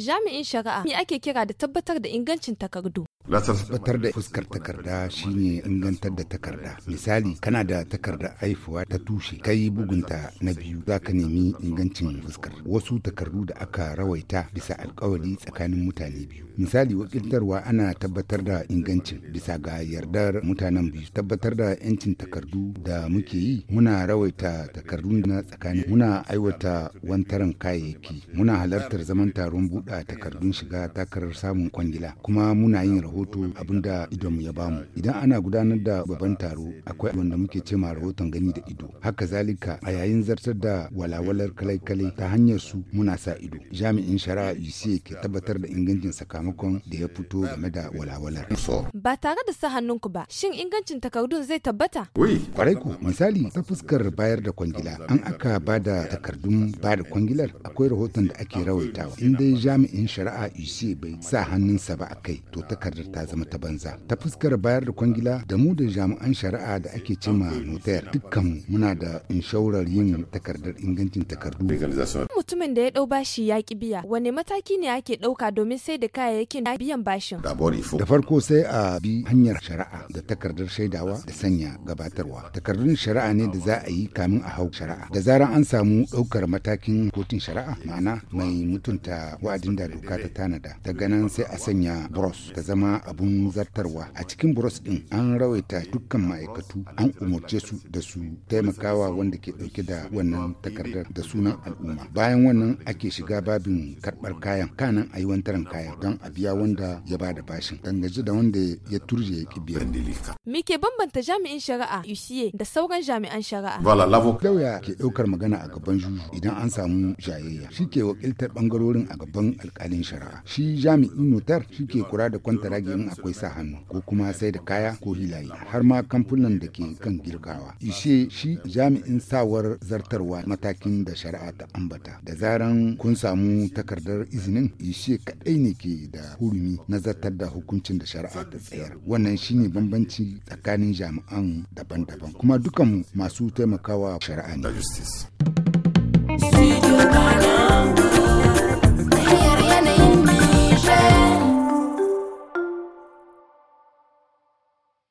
Jami'in shari'a me ake kira da tabbatar da ingancin takardu? tabbatar da fuskar takarda shine ingantar da takarda misali kana da takarda haifuwa ta tushe kai bugunta na biyu za ka nemi ingancin fuskar wasu takardu da aka rawaita bisa alkawari tsakanin mutane biyu misali wakiltarwa ana tabbatar da ingancin bisa ga yardar mutanen biyu tabbatar da yancin takardu da muke yi muna rawaita takardu na tsakanin muna aiwata wantaran kayayyaki muna halartar zaman taron buɗa takardun shiga takarar samun kwangila kuma muna yin rahoto rahoto abin da idon ya bamu idan ana gudanar da babban taro akwai wanda muke cema rahoton gani da ido haka zalika a yayin zartar da walawalar kalai-kalai ta hanyar su muna sa ido jami'in shari'a UC ke tabbatar da ingancin sakamakon da ya fito game da walawalar ba tare da sa hannunku ba shin ingancin takardun zai tabbata kwarai ku misali ta fuskar bayar da kwangila an aka ba da takardun ba da kwangilar akwai rahoton da ake rawaitawa in dai jami'in shari'a UC bai sa hannunsa ba a kai to takardar ta zama ta banza ta fuskar bayar da kwangila da mu da jami'an shari'a da ake cema notar dukkan muna da inshaurar yin takardar ingancin takardu mutumin da ya ɗau bashi ya ki biya, wane mataki ne ake ɗauka domin sai da kayayyakin biyan bashin? Da farko sai a bi hanyar shari'a da takardar shaidawa da sanya gabatarwa. Takardun shari'a ne da za a yi kamin a hau shari'a. Da zarar an samu ɗaukar matakin kotun shari'a ma'ana mai mutunta wa'adin da doka ta tanada. Ta ganin sai a sanya bros ta zama abun zartarwa. A cikin bros ɗin an rawaita dukkan ma'aikatu an umarce su da su taimakawa wanda ke ɗauke da wannan takardar da sunan al'umma. Bayan bayan wannan ake shiga babin karbar kayan kanan a yi wantaran kayan don a biya wanda ya ba da bashin dangaji da wanda ya turje ya ki biya. Me ke bambanta jami'in shari'a UCA da sauran jami'an shari'a? wala Lauya ke ɗaukar magana a gaban juju idan an samu jayayya shi ke wakiltar bangarorin a gaban alkalin shari'a shi jami'in notar shi ke kura da kwantaragi in akwai sa hannu ko kuma sai da kaya ko hilaye har ma kamfunan da ke kan girkawa ishe shi jami'in sawar zartarwa matakin da shari'a ta ambata da zaran kun samu takardar izinin ishe kadai ne ke da hurumi na zartar da hukuncin da shari'a ta tsayar wannan shine bambanci tsakanin jami'an daban-daban kuma dukanmu masu taimakawa shari'a ne.